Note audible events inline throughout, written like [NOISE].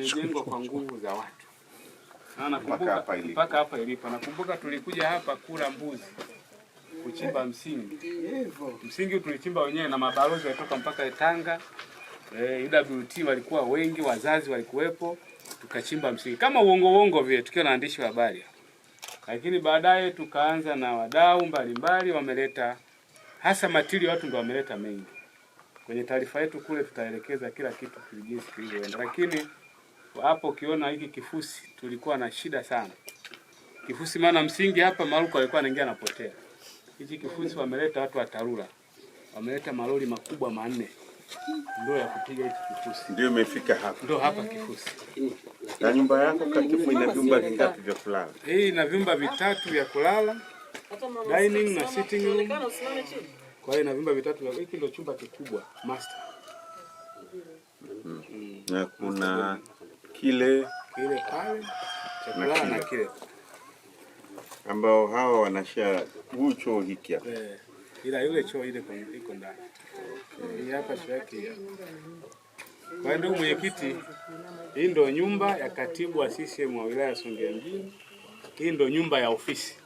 imejengwa kwa nguvu za watu na mpaka hapa ilipo. Nakumbuka tulikuja hapa kula mbuzi kuchimba msingi. Msingi tulichimba wenyewe na mabalozi walitoka mpaka Tanga. eh, UWT walikuwa wengi, wazazi walikuwepo, tukachimba msingi kama uongo uongo vile tukiwa na andishi wa habari, lakini baadaye tukaanza na wadau mbalimbali, wameleta hasa matili, watu ndio wameleta mengi. Kwenye taarifa yetu kule tutaelekeza kila kitu kijinsi kilivyoenda, lakini hapo. Ukiona hiki kifusi, tulikuwa na shida sana kifusi, maana msingi hapa Maruko alikuwa anaingia anapotea. Hichi kifusi wameleta watu wa TARURA, wameleta malori makubwa manne ndio ya kupiga hichi kifusi, ndio imefika hapa, ndio hapa kifusi. Na nyumba yako Kakifu ina vyumba vingapi vya kulala? Hii ina vyumba vitatu vya kulala, dining na sitting room. Kwa hiyo ina vyumba vitatu hiki ndio chumba kikubwa master. Mm. Mm. na kuna kile kile pale chakula na kile ambao hawa wanashia huu choo hiki hapa eh, ila yule choo ile iko ndani hii hapa choo yake. Kwa hiyo ndugu mwenyekiti, hii ndo nyumba ya katibu wa CCM wa wilaya Songea mjini. Hii ndo nyumba ya ofisi.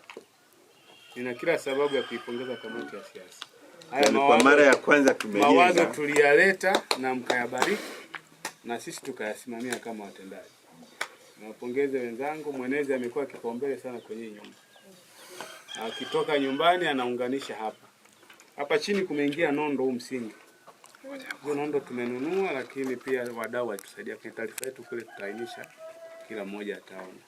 Nina kila sababu ya kuipongeza kamati ya siasa. Haya, kwa mara ya kwanza tumejenga mawazo tuliyaleta na mkayabariki na sisi tukayasimamia kama watendaji. Niwapongeze wenzangu, mwenezi amekuwa kipaumbele sana kwenye nyumba, akitoka nyumbani anaunganisha hapa hapa chini, kumeingia nondo huu msingi hiyo nondo tumenunua, lakini pia wadau walitusaidia kwenye taarifa yetu kule, tutaainisha kila mmoja ataona,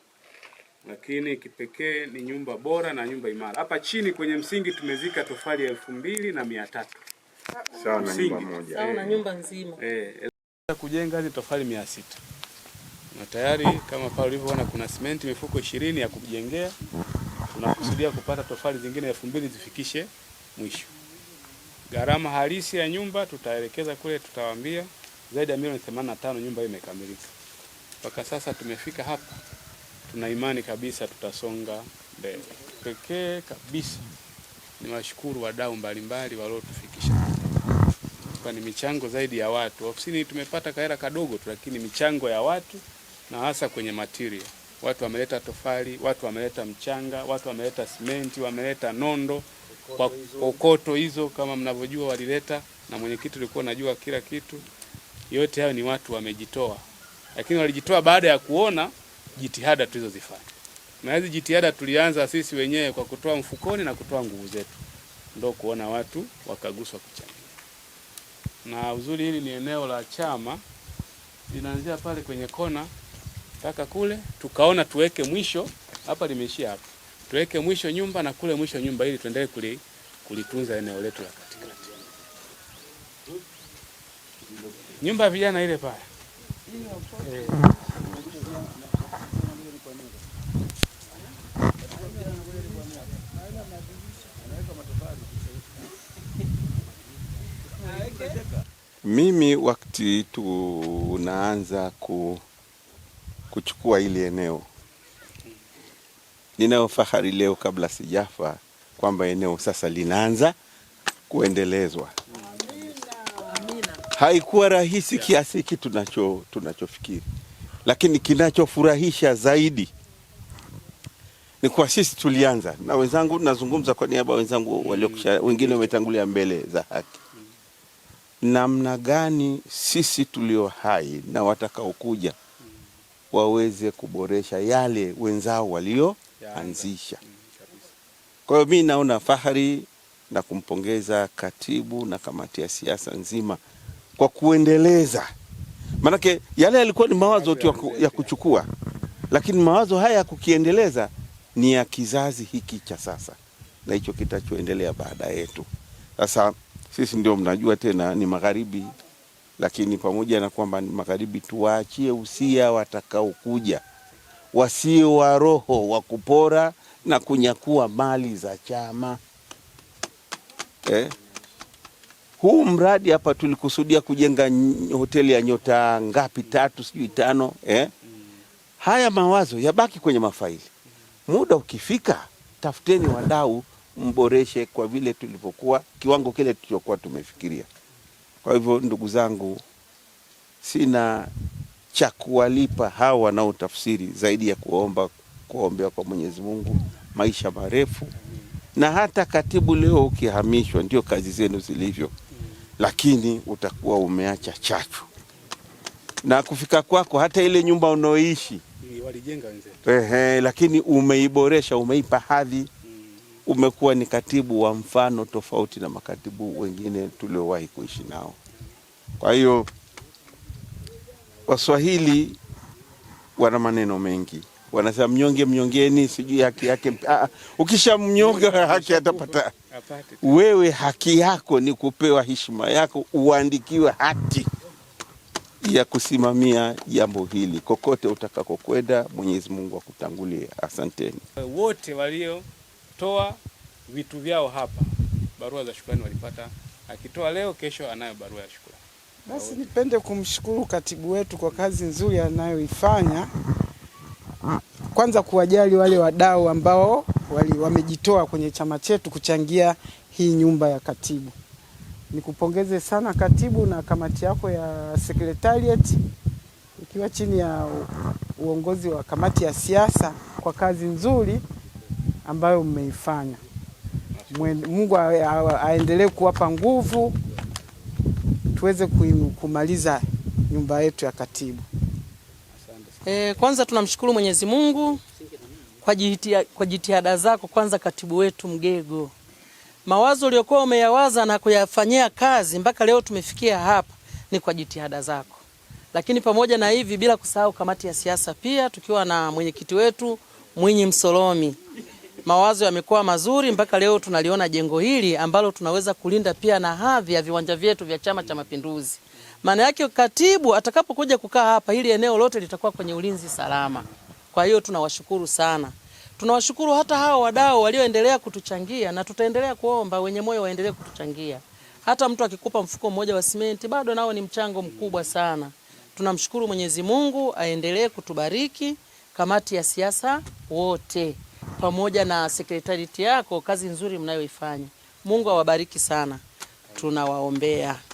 lakini kipekee ni nyumba bora na nyumba imara. Hapa chini kwenye msingi tumezika tofali ya elfu mbili na mia tatu sawa na nyumba eh. nzima eh kujenga ni tofali mia sita na tayari kama pale ulivyoona kuna simenti mifuko ishirini ya kujengea. Tunakusudia kupata tofali zingine elfu mbili zifikishe mwisho. Gharama halisi ya nyumba tutaelekeza kule, tutawaambia zaidi ya milioni 85 nyumba hiyo imekamilika. Mpaka sasa tumefika hapa, tuna imani kabisa tutasonga mbele. Pekee kabisa ni washukuru wadau mbalimbali waliotu hapa ni michango zaidi ya watu. Ofisini tumepata kahera kadogo tu, lakini michango ya watu na hasa kwenye material. Watu wameleta tofali, watu wameleta mchanga, watu wameleta simenti, wameleta nondo kwa kokoto hizo, kama mnavyojua walileta, na mwenyekiti alikuwa anajua kila kitu. Yote hayo ni watu wamejitoa, lakini walijitoa baada ya kuona jitihada tulizozifanya, na hizi jitihada tulianza sisi wenyewe kwa kutoa mfukoni na kutoa nguvu zetu, ndio kuona watu wakaguswa kuchangia na uzuri hili ni eneo la chama linaanzia pale kwenye kona mpaka kule, tukaona tuweke mwisho hapa, limeishia hapa, tuweke mwisho nyumba na kule mwisho nyumba, ili tuendelee kuli, kulitunza eneo letu la katikati. Nyumba ya vijana ile pale eh. Mimi wakati tunaanza ku, kuchukua hili eneo, ninayo fahari leo kabla sijafa kwamba eneo sasa linaanza kuendelezwa. Haikuwa rahisi kiasi hiki tunacho tunachofikiri, lakini kinachofurahisha zaidi ni kwa sisi tulianza, na wenzangu nazungumza kwa niaba wenzangu waliokusha, wengine wametangulia mbele za haki namna gani sisi tulio hai na watakaokuja waweze kuboresha yale wenzao walioanzisha. Kwa hiyo mi naona fahari na kumpongeza katibu na kamati ya siasa nzima kwa kuendeleza, maanake yale yalikuwa ni mawazo tu ya kuchukua, lakini mawazo haya ya kukiendeleza ni ya kizazi hiki cha sasa na hicho kitachoendelea baada yetu. Sasa sisi ndio mnajua tena ni magharibi, lakini pamoja na kwamba ni magharibi, tuwaachie usia watakaokuja wasio wa roho wa kupora na kunyakua mali za chama eh? Huu mradi hapa tulikusudia kujenga hoteli ya nyota ngapi, tatu sijui tano eh? Haya mawazo yabaki kwenye mafaili, muda ukifika, tafuteni wadau mboreshe kwa vile tulivyokuwa kiwango kile tulichokuwa tumefikiria. Kwa hivyo, ndugu zangu, sina cha kuwalipa hawa wanaotafsiri zaidi ya kuomba kuombea kwa Mwenyezi Mungu maisha marefu, na hata katibu leo ukihamishwa, ndio kazi zenu zilivyo, lakini utakuwa umeacha chachu na kufika kwako, hata ile nyumba unaoishi walijenga wenzetu, ehe, lakini umeiboresha, umeipa hadhi umekuwa ni katibu wa mfano tofauti na makatibu wengine tuliowahi kuishi nao. Kwa hiyo Waswahili wana maneno mengi, wanasema mnyonge mnyongeni, sijui haki yake. Ah, ah, ukisha mnyonga [LAUGHS] haki atapata wewe? Haki yako ni kupewa heshima yako, uandikiwe hati ya kusimamia jambo hili. Kokote utakakokwenda, Mwenyezi Mungu akutangulie. Asanteni wote walio kutoa vitu vyao hapa, barua za shukrani walipata. Akitoa leo, kesho anayo barua ya shukrani. Basi nipende kumshukuru katibu wetu kwa kazi nzuri anayoifanya, kwanza kuwajali wale wadau ambao wali wamejitoa kwenye chama chetu kuchangia hii nyumba ya katibu. Nikupongeze sana katibu na kamati yako ya secretariat ikiwa chini ya uongozi wa kamati ya siasa kwa kazi nzuri ambayo mmeifanya. Mungu aendelee kuwapa nguvu tuweze kumaliza nyumba yetu ya katibu. E, kwanza tunamshukuru Mwenyezi Mungu kwa jitihada, kwa jitihada zako kwanza katibu wetu Mgego. Mawazo uliokuwa umeyawaza na kuyafanyia kazi mpaka leo tumefikia hapa ni kwa jitihada zako. Lakini pamoja na hivi bila kusahau kamati ya siasa pia tukiwa na mwenyekiti wetu Mwinyi Msolomi mawazo yamekuwa mazuri mpaka leo tunaliona jengo hili ambalo tunaweza kulinda pia na hadhi ya viwanja vyetu vya Chama cha Mapinduzi. Maana yake katibu atakapokuja kukaa hapa, hili eneo lote litakuwa kwenye ulinzi salama. Kwa hiyo tunawashukuru sana, tunawashukuru hata hao wadau walioendelea kutuchangia, na tutaendelea kuomba wenye moyo waendelee kutuchangia. Hata mtu akikupa mfuko mmoja wa simenti, bado nao ni mchango mkubwa sana. Tunamshukuru Mwenyezi Mungu, aendelee kutubariki kamati ya siasa wote pamoja na sekretarieti yako, kazi nzuri mnayoifanya. Mungu awabariki sana, tunawaombea.